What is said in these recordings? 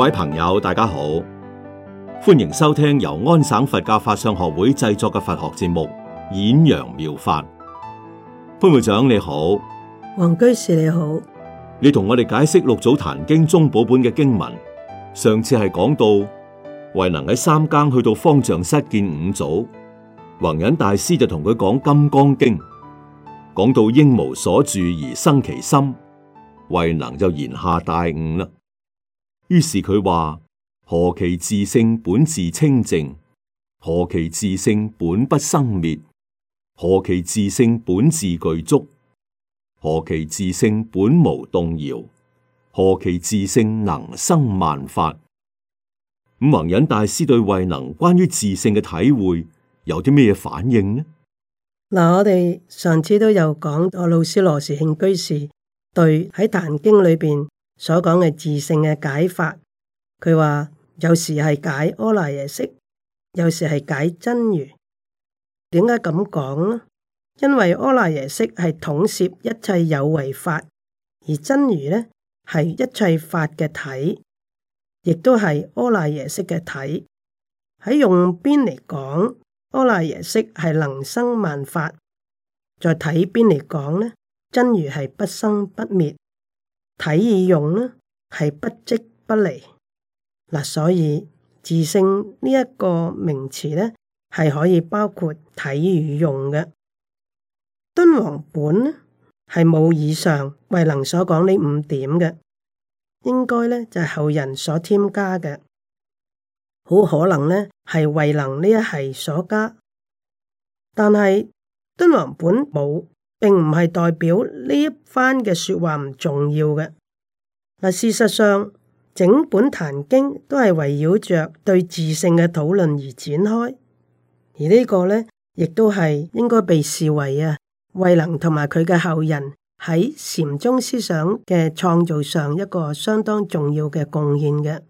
各位朋友，大家好，歡迎收聽由安省佛教法相學會製作嘅佛學節目《演揚妙，妙法》。潘會長你好，黃居士你好，你同我哋解釋六祖壇經宗寶本嘅經文。上次係講到慧能喺三更去到方丈室見五祖，弘忍大師就同佢講《金剛經》，講到應無所住而生其心，慧能就言下大悟啦。於是佢話：何其自性本自清淨，何其自性本不生滅，何其自性本自具足，何其自性本無動搖，何其自性能生萬法。咁弘忍大師對慧能關於自性嘅體會有啲咩反應呢？嗱，我哋上次都有講過老師羅士慶居士對喺《壇經》裏邊。所講嘅自性嘅解法，佢話有時係解阿賴耶識，有時係解，解真如。點解咁講呢？因為阿賴耶識係統攝一切有為法，而真如咧係一切法嘅體，亦都係阿賴耶識嘅體。喺用邊嚟講，阿賴耶識係能生萬法；在體邊嚟講呢，真如係不生不滅。體與用呢係不即不離，嗱，所以自性呢一個名詞呢係可以包括體與用嘅。敦煌本呢係冇以上慧能所講呢五點嘅，應該呢就係、是、後人所添加嘅，好可能呢係慧能呢一系所加，但係敦煌本冇。並唔係代表呢一番嘅說話唔重要嘅。事實上，整本《壇經》都係圍繞着對自性嘅討論而展開，而呢個呢，亦都係應該被視為啊惠能、同埋佢嘅後人喺禪宗思想嘅創造上一個相當重要嘅貢獻嘅。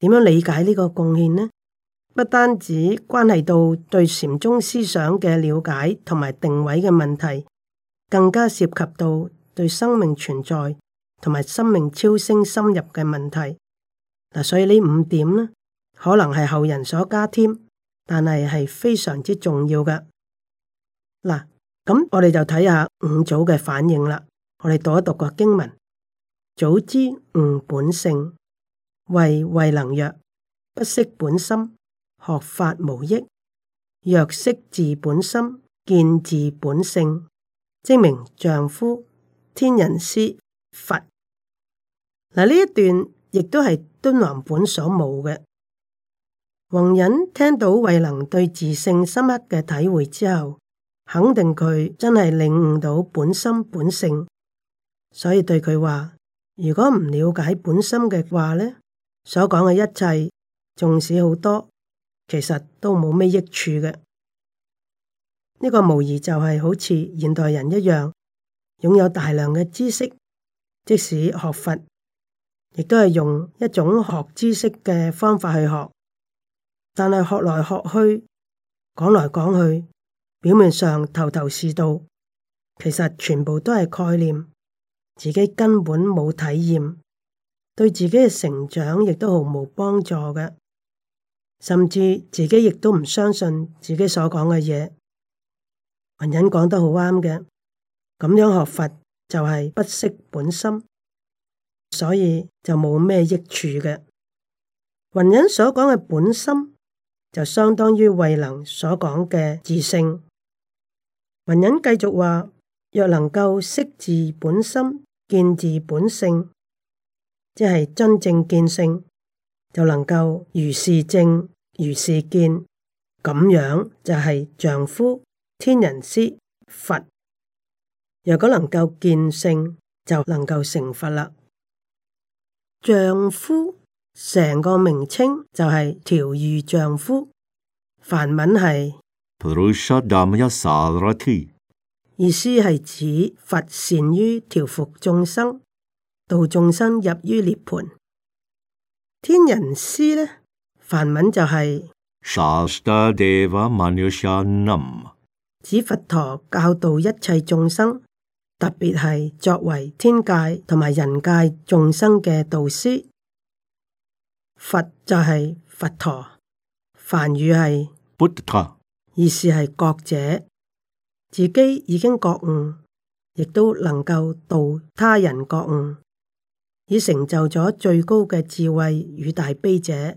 點樣理解呢個貢獻呢？不單止關係到對禪宗思想嘅了解同埋定位嘅問題，更加涉及到對生命存在同埋生命超升深入嘅問題。嗱，所以呢五點呢，可能係後人所加添，但係係非常之重要嘅。嗱，咁我哋就睇下五祖嘅反應啦。我哋讀一讀個經文，祖知悟本性，謂慧能曰，不識本心。學法無益，若識自本心，見自本性，即名丈夫天人師佛。嗱，呢一段亦都係敦煌本所冇嘅。弘忍聽到慧能對自性深刻嘅體會之後，肯定佢真係領悟到本心本性，所以對佢話：如果唔了解本心嘅話呢，所講嘅一切，仲使好多。其實都冇咩益處嘅，呢個無疑就係好似現代人一樣，擁有大量嘅知識，即使學佛，亦都係用一種學知識嘅方法去學，但係學來學去，講來講去，表面上頭頭是道，其實全部都係概念，自己根本冇體驗，對自己嘅成長亦都毫無幫助嘅。甚至自己亦都唔相信自己所講嘅嘢，雲隱講得好啱嘅，咁樣學佛就係不識本心，所以就冇咩益處嘅。雲隱所講嘅本心就相當於慧能所講嘅自性。雲隱繼續話：若能夠識自本心，見自本性，即係真正見性。就能夠如是正如是見，咁樣就係丈夫天人師佛。若果能夠見性，就能夠成佛啦。丈夫成個名稱就係調御丈夫，梵文係。意思係指佛善於調伏眾生，度眾生入於涅槃。天人師呢，梵文就係，指佛陀教導一切眾生，特別係作為天界同埋人界眾生嘅導師。佛就係佛陀，梵語係，意思係覺者，自己已經覺悟，亦都能夠導他人覺悟。已成就咗最高嘅智慧與大悲者。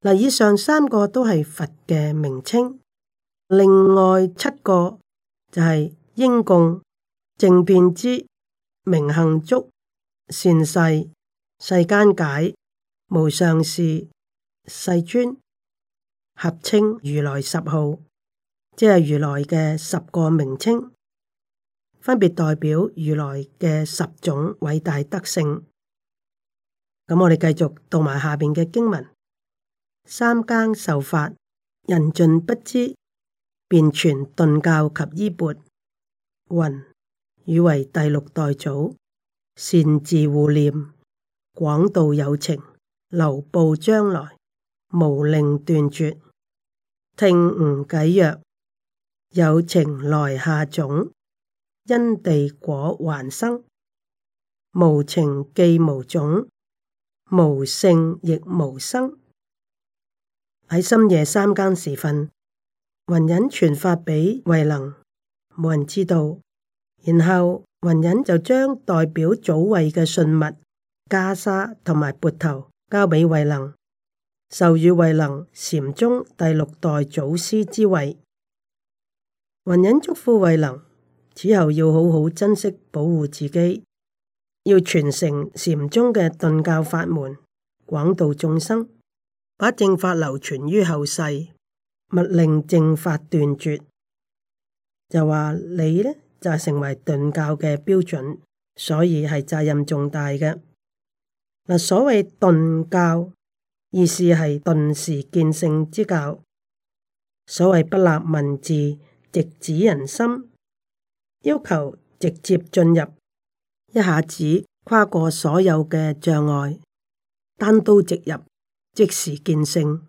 嗱，以上三個都係佛嘅名稱，另外七個就係應供、正遍知、明行足、善逝、世間解、無上士、世尊，合稱如來十號，即係如來嘅十個名稱。分別代表如來嘅十種偉大德性。咁我哋繼續讀埋下邊嘅經文：三更受法，人盡不知，便傳頓教及衣缽云，汝為第六代祖，善自護念，廣度有情，流布將來，無令斷絕。聽吾偈曰：有情來下種。因地果還生，無情既無種，無性亦無生。喺深夜三更時分，弘忍傳法俾慧能，冇人知道，然後弘忍就將代表祖位嘅信物，袈裟同埋缽頭交俾慧能，授予慧能禪宗第六代祖師之位。弘忍祝福慧能，此後要好好珍惜保護自己，要傳承禪宗嘅頓教法門，廣度眾生，把正法流傳於後世，勿令正法斷絕。就話你呢，就係、成為頓教嘅標準，所以係責任重大嘅。嗱，所謂頓教，意思係頓時見性之教。所謂不立文字，直指人心。要求直接進入，一下子跨過所有嘅障礙，單刀直入，即時見性，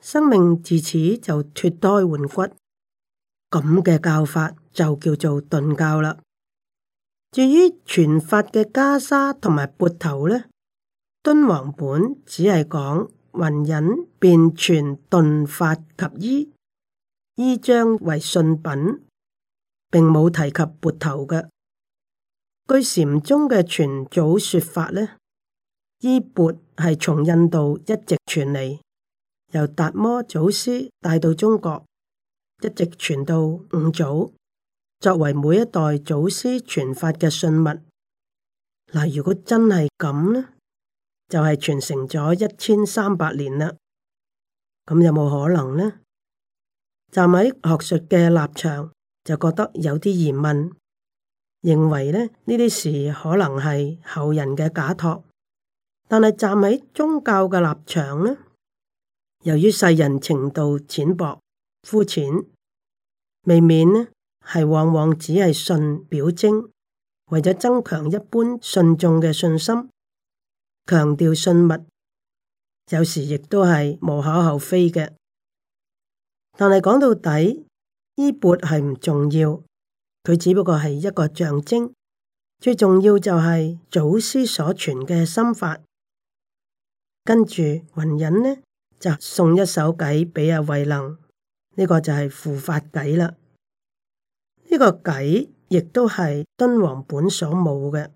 生命自此就脫胎換骨。咁嘅教法就叫做頓教啦。至於傳法嘅袈裟同埋缽頭呢？敦煌本只係講云隱便傳頓法及衣，衣將為信品。並冇提及撥頭嘅。據禪宗嘅傳祖說法呢，依缽係從印度一直傳嚟，由達摩祖師帶到中國，一直傳到五祖，作為每一代祖師傳法嘅信物。嗱，如果真係咁呢，就係、是、傳承咗一千三百年啦。咁有冇可能呢？站喺學術嘅立場。就覺得有啲疑問，認為呢呢啲事可能係後人嘅假託，但係站喺宗教嘅立場呢，由於世人程度淺薄、膚淺，未免呢係往往只係信表徵，為咗增強一般信眾嘅信心，強調信物，有時亦都係無可厚非嘅。但係講到底。衣缽係唔重要，佢只不過係一個象徵。最重要就係祖師所傳嘅心法。跟住弘忍呢，就送一首偈俾阿慧能，呢、這個就係符法偈啦。呢、這個偈亦都係敦煌本所冇嘅，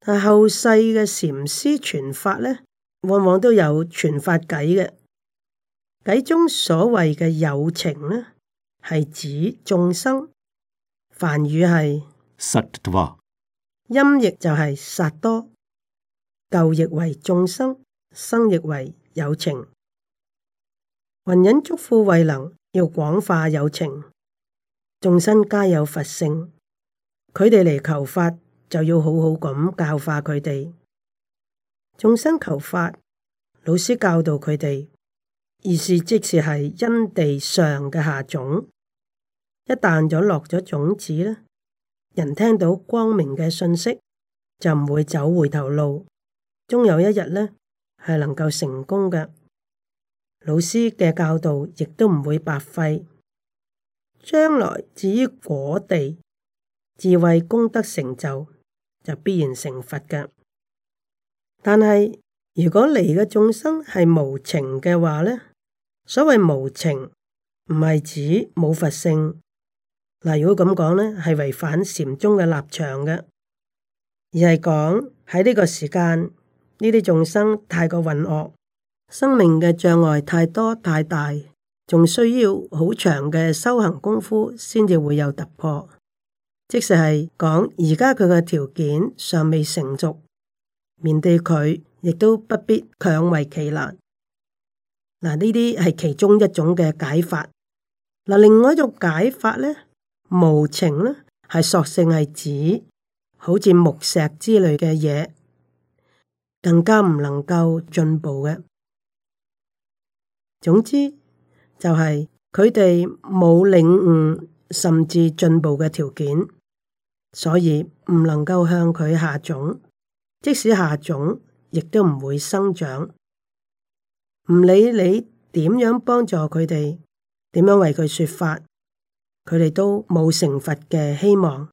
但後世嘅禪師傳法呢，往往都有傳法偈嘅。偈中所謂嘅有情呢？係指眾生，梵語係實 art 多，音譯就係刹多，舊譯為眾生，生譯為有情。云隱囑咐慧能要廣化有情，眾生皆有佛性，佢哋嚟求法就要好好咁教化佢哋，眾生求法，老師教導佢哋。而是，即是係因地上嘅下種，一旦咗落咗種子咧，人聽到光明嘅信息就唔會走回頭路，終有一日咧係能夠成功嘅。老師嘅教導亦都唔會白費，將來至於果地智慧功德成就就必然成佛嘅。但係如果你嘅眾生係無情嘅話咧～所謂無情，唔係指冇佛性。嗱，如果咁講呢，係違反禪宗嘅立場嘅，而係講喺呢個時間呢啲眾生太過混惡，生命嘅障礙太多太大，仲需要好長嘅修行功夫先至會有突破。即使係講而家佢嘅條件尚未成熟，面對佢亦都不必強為其難。嗱，呢啲係其中一種嘅解法。嗱，另外一種解法咧，無情咧，係索性係指好似木石之類嘅嘢，更加唔能夠進步嘅。總之就係佢哋冇領悟，甚至進步嘅條件，所以唔能夠向佢下種，即使下種，亦都唔會生長。唔理你點樣幫助佢哋，點樣為佢說法，佢哋都冇成佛嘅希望，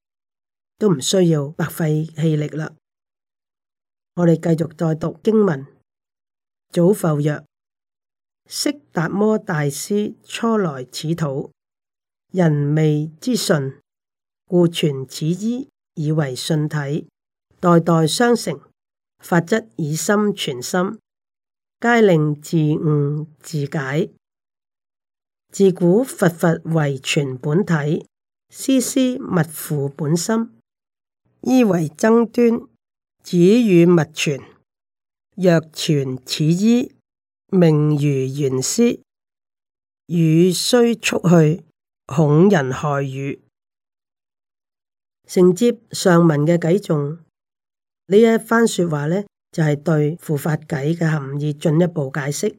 都唔需要白費氣力啦。我哋繼續再讀經文。祖復曰：昔達摩大師初來此土，人未之信，故傳此衣以為信體，代代相承，法則以心傳心。皆令自悟自解。自古佛佛為傳本體，師師密付本心。衣為爭端，止與勿傳。若傳此衣，命如原師。汝須速去，恐人害語。承接上文嘅偈頌，呢一番說話呢。就係對付法偈嘅含義進一步解釋。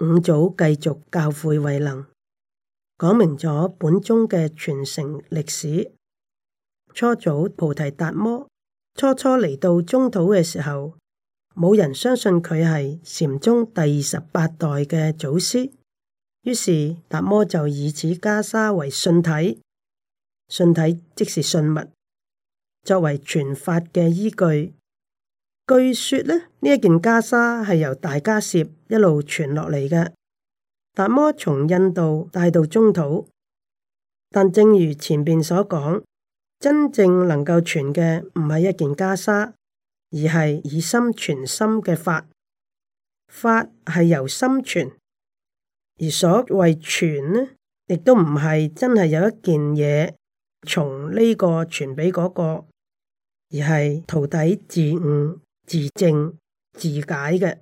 五祖繼續教誨慧能，講明咗本宗嘅傳承歷史。初祖菩提達摩初初嚟到中土嘅時候，冇人相信佢係禪宗第二十八代嘅祖師。於是達摩就以此袈裟為信體，信體即是信物，作為傳法嘅依據。據說呢，呢一件袈裟係由大迦葉一路傳落嚟嘅，達摩從印度帶到中土。但正如前邊所講，真正能夠傳嘅唔係一件袈裟，而係以心傳心嘅法。法係由心傳，而所謂傳呢，亦都唔係真係有一件嘢從呢個傳畀嗰、那個，而係徒弟自悟。自證自解嘅。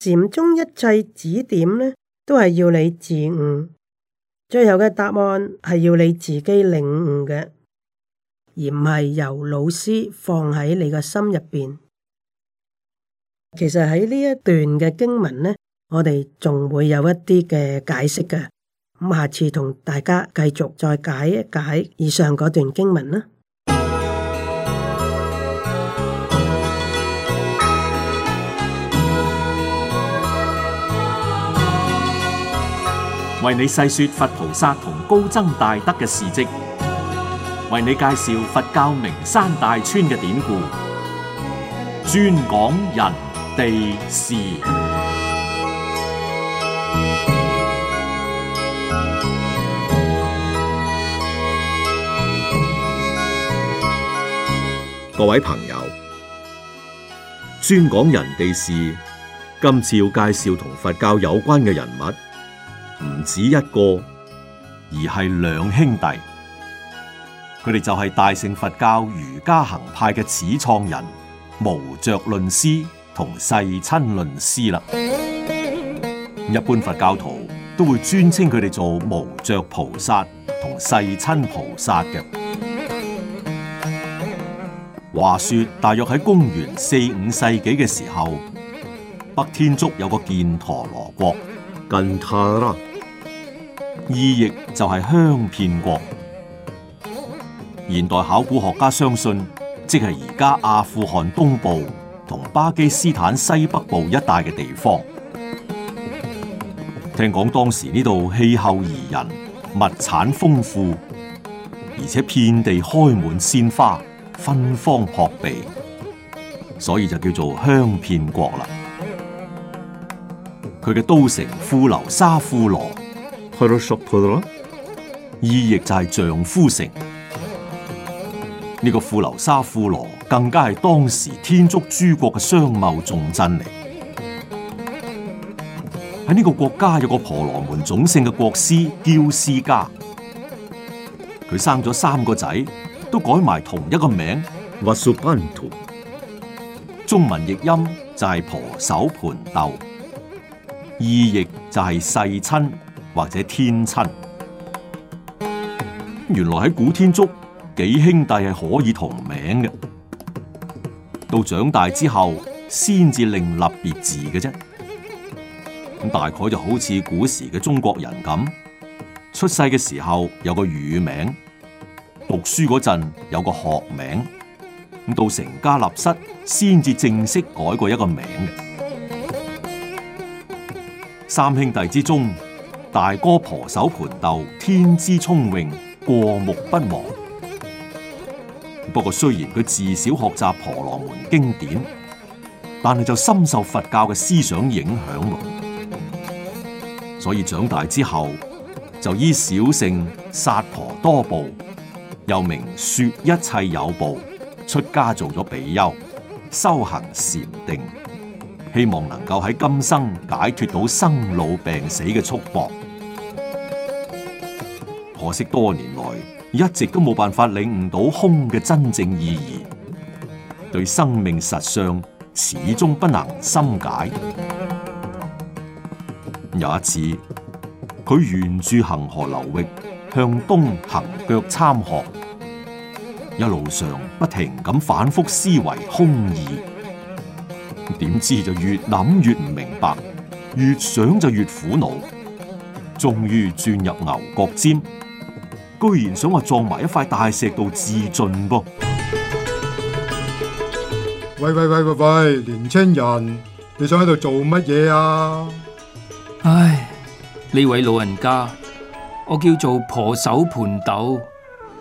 禪宗一切指點呢，都係要你自悟，最後嘅答案係要你自己領悟嘅，而唔係由老師放喺你個心入邊。其實喺呢一段嘅經文呢，我哋仲會有一啲嘅解釋嘅。咁下次同大家繼續再解一解以上嗰段經文啦。為你細說佛菩薩同高僧大德嘅事迹，為你介紹佛教名山大川嘅典故，專講人地事。各位朋友，專講人地事，今次要介紹同佛教有關嘅人物。唔止一個，而係兩兄弟。佢哋就係大乘佛教瑜伽行派嘅始創人無著論師同世親論師啦。一般佛教徒都會尊稱佢哋做無著菩薩同世親菩薩嘅。話說，大約喺公元四五世紀嘅時候，北天竺有個犍陀羅國。意譯就係香片國。現代考古學家相信，即係而家阿富汗東部同巴基斯坦西北部一帶嘅地方。聽講當時呢度氣候宜人，物產豐富，而且遍地開滿鮮花，芬芳撲鼻，所以就叫做香片國啦。佢嘅都城富樓沙富羅。去到 shop 去到，意譯就係丈夫城。呢、這個富流沙富羅更加係當時天竺諸國嘅商貿重鎮嚟。喺呢 個國家有個婆羅門種姓嘅國師、教師家，佢生咗三個仔，都改埋同一個名。瓦蘇班陀， 中文譯音就係婆手盤豆，意譯就係世親。或者天親，原來喺古天竺，幾兄弟係可以同名嘅，到長大之後先至另立別字嘅啫。咁大概就好似古時嘅中國人咁，出世嘅時候有個乳名，讀書嗰陣有個學名，咁到成家立室先至正式改過一個名嘅。三兄弟之中，大哥婆藪槃豆，天資聰穎，過目不忘。不過，雖然佢自小學習婆羅門經典，但係就深受佛教嘅思想影響。所以長大之後，就依小乘薩婆多部，又名說一切有部，出家做咗比丘，修行禪定，希望能夠喺今生解脫到生老病死嘅束縛。可惜多年來一直都冇辦法領悟到空嘅真正意義，對生命實相始終不能深解。有一次，佢沿住恒河流域向東行腳參學，一路上不停咁反覆思維空義，點知就越諗越唔明白，越想就越苦惱，終於鑽入牛角尖。居然想話撞埋一塊大石度自盡噃！喂喂喂喂喂，年青人，你想喺度做乜嘢啊？唉，呢位老人家，我叫做婆藪槃豆，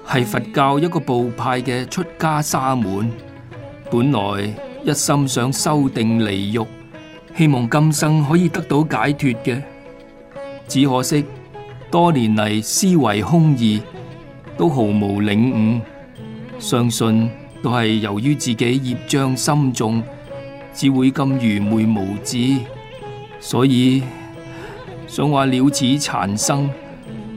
係佛教一個部派嘅出家沙門，本來一心想修定離欲，希望今生可以得到解脫嘅，只可惜。多年嚟思維空義，都毫無領悟。相信都係由於自己業障深重，只會咁愚昧無知。所以想話了此殘生，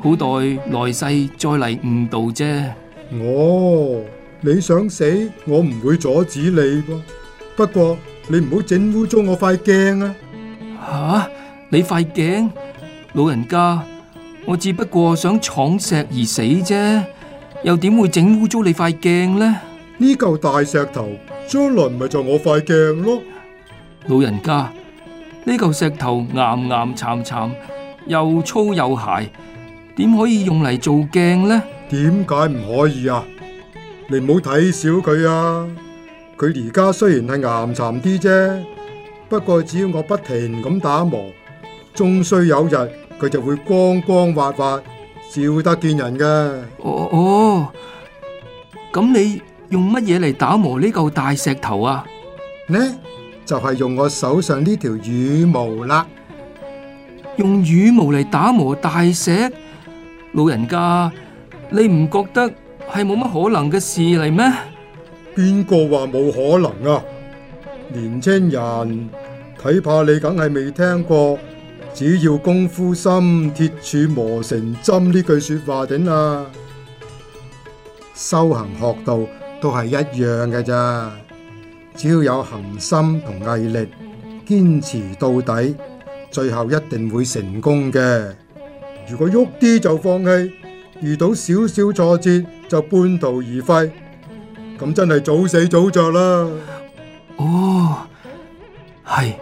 好待來世再嚟悟道啫。我你想死，我唔會阻止你噃。不過你唔好整污糟我塊鏡啊！吓？你塊鏡？老人家。我只不過想闖石而死啫，又點會整污糟你塊鏡呢？呢嚿大石頭將來咪就是我塊鏡咯。老人家，呢嚿石頭巖巖巉巉，又粗又鞋，點可以用嚟做鏡呢？點解唔可以啊？你唔好睇小佢啊！佢而家雖然係巖巉啲啫，不過只要我不停咁打磨，終須有日。佢就會光光滑滑，照得見人嘅。哦。哦哦，咁你用乜嘢嚟打磨呢嚿大石頭啊？呢就係、是，用我手上呢條羽毛啦。用羽毛嚟打磨大石，老人家，你唔覺得係冇乜可能嘅事嚟咩？邊個話冇可能啊？年青人，睇怕你梗係未聽過。只要功夫深，鐵杵磨成針。呢句說話頂啊！修行學道都係一樣嘅咋，只要有恆心同毅力，堅持到底，最後一定會成功嘅。如果喐啲就放棄，遇到少少挫折就半途而廢，咁真係早死早着啦。哦，係。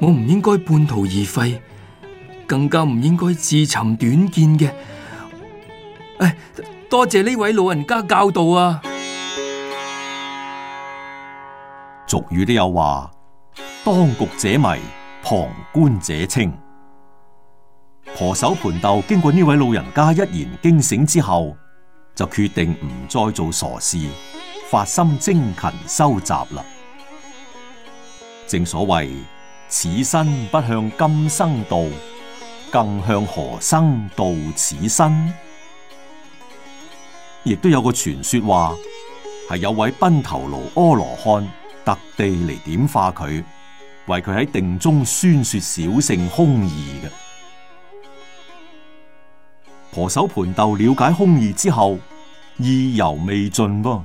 我唔應該半途而廢，更加唔應該自尋短見嘅。哎，多謝呢位老人家教導啊！俗語都有話：當局者迷，旁觀者清。婆藪槃豆，經過呢位老人家一言驚醒之後，就決定唔再做傻事，發心精勤收集啦。正所謂。此身不向今生度，更向何生度此身？亦都有個傳說，話係有位賓頭羅阿羅漢特地嚟點化佢，為佢喺定中宣說小乘空義嘅。婆藪槃豆了解空義之後，意猶未盡，噃，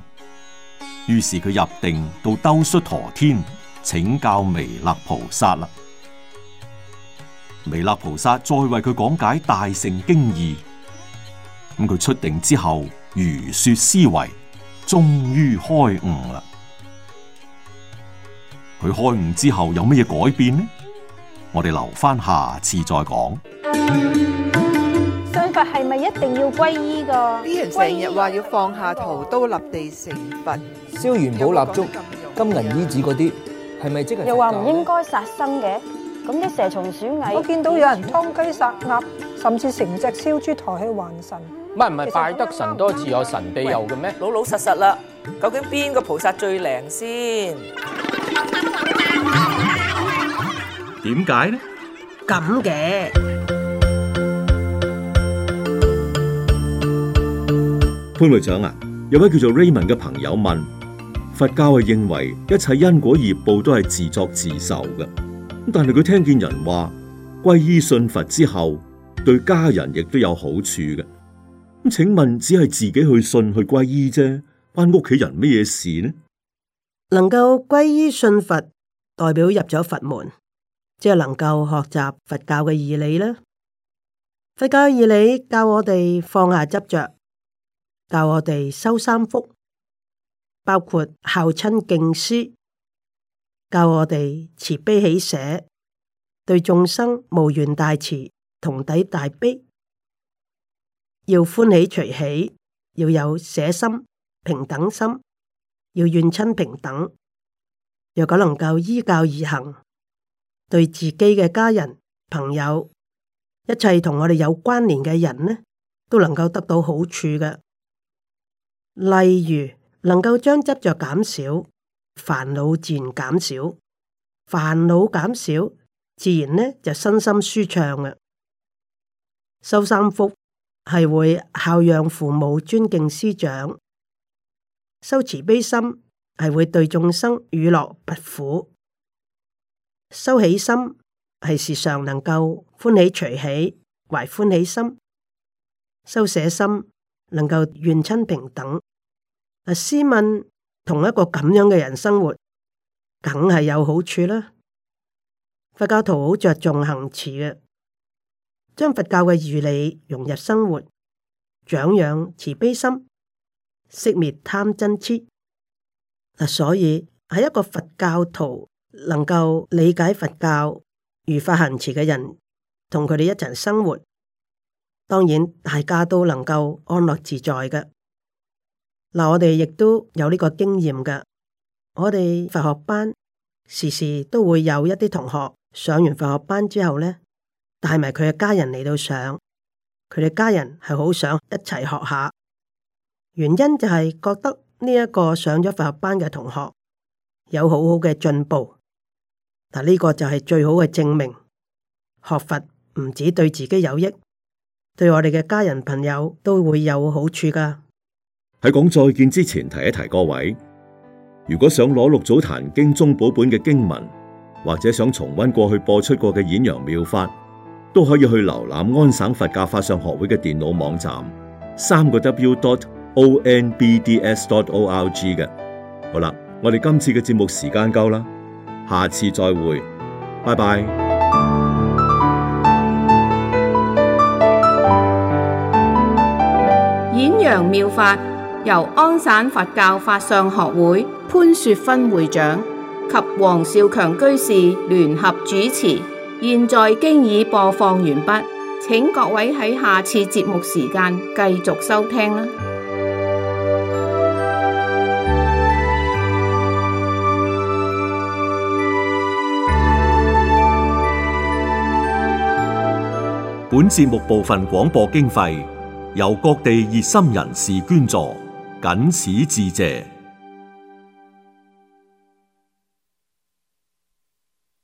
於是佢入定到兜率陀天。請教彌勒菩薩啦，彌勒菩薩再為佢講解大乘經義，咁佢出定之後如說思維，終於開悟啦。佢開悟之後有乜嘢改變呢？我哋留翻下，下次再講。信、嗯、佛係咪一定要皈依噶？人成日話要放下屠刀立地成佛，燒元寶蠟燭、金銀衣紙嗰啲。又話唔應該殺生嘅，咁啲蛇蟲鼠蟻，我見到有人劏雞殺鴨，甚至成隻燒豬抬去還神。唔係唔係，拜得神多自有神庇佑嘅咩？老老實實啦，究竟邊個菩薩最靈先？點解呢？咁嘅潘會長啊，有位叫做 Raymond 嘅朋友問。佛教係認為一切因果業報都係自作自受嘅，但係佢聽見人話皈依信佛之後，對家人亦都有好處嘅。咁請問，只係自己去信去皈依啫，關屋企人咩事呢？能夠皈依信佛，代表入咗佛門，即係能夠學習佛教嘅義理啦。佛教義理教我哋放下執着，教我哋修三福。包括孝親敬師，教我哋慈悲喜捨，對眾生無緣大慈，同體大悲，要歡喜隨喜，要有捨心、平等心，要怨親平等。若果能夠依教而行，對自己嘅家人、朋友，一切同我哋有關聯嘅人呢，都能夠得到好處嘅。例如。能夠將執着減少，煩惱自然減少，煩惱減少，自然呢就身心舒暢啦。修三福係會孝養父母、尊敬師長；修慈悲心係會對眾生予樂不苦；修喜心係時常能夠歡喜隨喜，懷歡喜心；修捨心能夠怨親平等。阿試問同一個咁樣嘅人生活，梗係有好處啦。佛教徒好着重行持嘅，將佛教嘅原理融入生活，長養慈悲心，熄滅貪嗔痴。嗱，所以喺一個佛教徒能夠理解佛教如法行持嘅人，同佢哋一齊生活，當然大家都能夠安樂自在嘅。嗱，我哋亦都有呢個經驗噶。我哋佛學班時時都會有一啲同學上完佛學班之後咧，帶埋佢嘅家人嚟到上。佢哋家人係好想一齊學下，原因就係覺得呢一個上咗佛學班嘅同學有好好嘅進步。嗱，呢個就係最好嘅證明。學佛唔止對自己有益，對我哋嘅家人朋友都會有好處噶。喺講再見之前，提一提各位，如果想攞六祖壇經中寶本嘅經文，或者想重温過去播出過嘅演揚妙法，都可以去瀏覽安省佛教法相學會嘅電腦網站，三個 w dot o n b d s dot o l g 嘅。好啦，我哋今次嘅節目時間夠啦，下次再會，拜拜。演揚妙法，由安省佛教法相學會潘雪芬會長及黃少強居士聯合主持，現在經已播放完畢，請各位喺下次節目時間繼續收聽啦。本節目部分廣播經費由各地熱心人士捐助。僅此致謝。